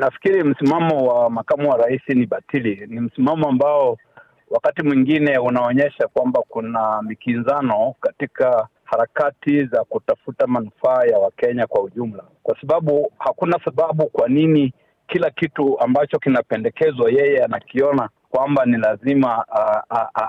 Nafikiri msimamo wa makamu wa rais ni batili, ni msimamo ambao wakati mwingine unaonyesha kwamba kuna mikinzano katika harakati za kutafuta manufaa ya Wakenya kwa ujumla, kwa sababu hakuna sababu kwa nini kila kitu ambacho kinapendekezwa yeye anakiona kwamba ni lazima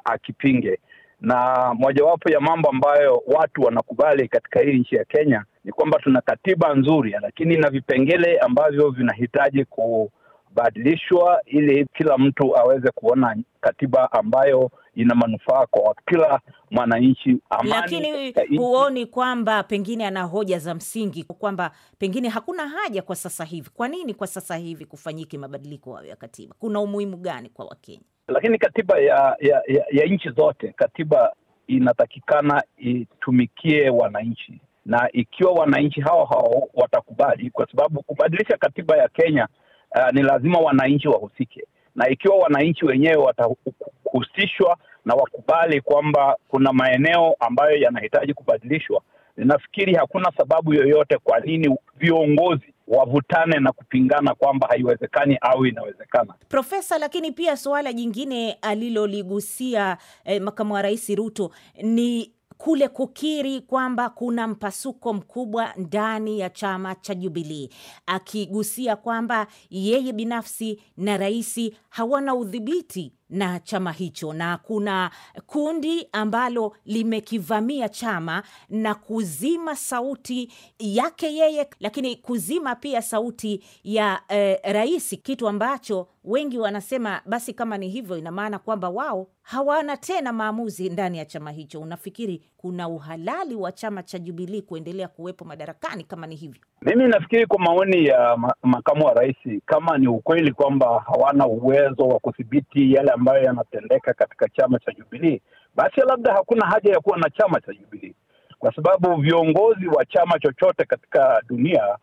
akipinge na mojawapo ya mambo ambayo watu wanakubali katika hii nchi ya Kenya ni kwamba tuna katiba nzuri, lakini na vipengele ambavyo vinahitaji ku kubadilishwa ili kila mtu aweze kuona katiba ambayo ina manufaa kwa kila mwananchi. Lakini huoni kwamba pengine ana hoja za msingi kwamba pengine hakuna haja kwa sasa hivi? Kwa nini kwa sasa hivi kufanyike mabadiliko hayo ya katiba? Kuna umuhimu gani kwa Wakenya? Lakini katiba ya, ya, ya, ya nchi zote, katiba inatakikana itumikie wananchi, na ikiwa wananchi hao hao watakubali, kwa sababu kubadilisha katiba ya Kenya uh, ni lazima wananchi wahusike, na ikiwa wananchi wenyewe watahusishwa na wakubali kwamba kuna maeneo ambayo yanahitaji kubadilishwa, ninafikiri hakuna sababu yoyote kwa nini viongozi wavutane na kupingana kwamba haiwezekani au inawezekana. Profesa, lakini pia suala jingine aliloligusia eh, makamu wa rais Ruto ni kule kukiri kwamba kuna mpasuko mkubwa ndani ya chama cha Jubilii, akigusia kwamba yeye binafsi na rais hawana udhibiti na chama hicho, na kuna kundi ambalo limekivamia chama na kuzima sauti yake yeye, lakini kuzima pia sauti ya eh, rais, kitu ambacho wengi wanasema basi, kama ni hivyo, ina maana kwamba wao hawana tena maamuzi ndani ya chama hicho. Unafikiri kuna uhalali wa chama cha Jubilii kuendelea kuwepo madarakani kama ni hivyo? Mimi nafikiri kwa maoni ya makamu wa rais, kama ni ukweli kwamba hawana uwezo wa kudhibiti yale ambayo yanatendeka katika chama cha Jubilii, basi labda hakuna haja ya kuwa na chama cha Jubilii, kwa sababu viongozi wa chama chochote katika dunia,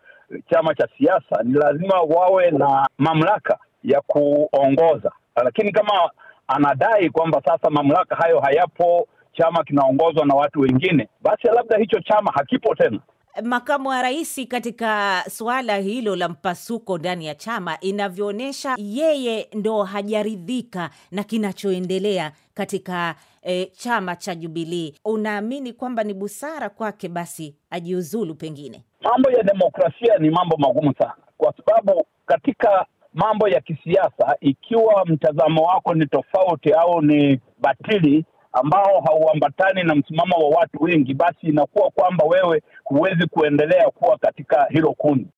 chama cha siasa, ni lazima wawe na mamlaka ya kuongoza. Lakini kama anadai kwamba sasa mamlaka hayo hayapo, chama kinaongozwa na watu wengine, basi labda hicho chama hakipo tena makamu wa rais katika suala hilo la mpasuko ndani ya chama inavyoonyesha yeye ndo hajaridhika na kinachoendelea katika e, chama cha Jubilii. Unaamini kwamba ni busara kwake basi ajiuzulu? Pengine mambo ya demokrasia ni mambo magumu sana, kwa sababu katika mambo ya kisiasa, ikiwa mtazamo wako ni tofauti au ni batili ambao hauambatani na msimamo wa watu wengi, basi inakuwa kwamba wewe huwezi kuendelea kuwa katika hilo kundi.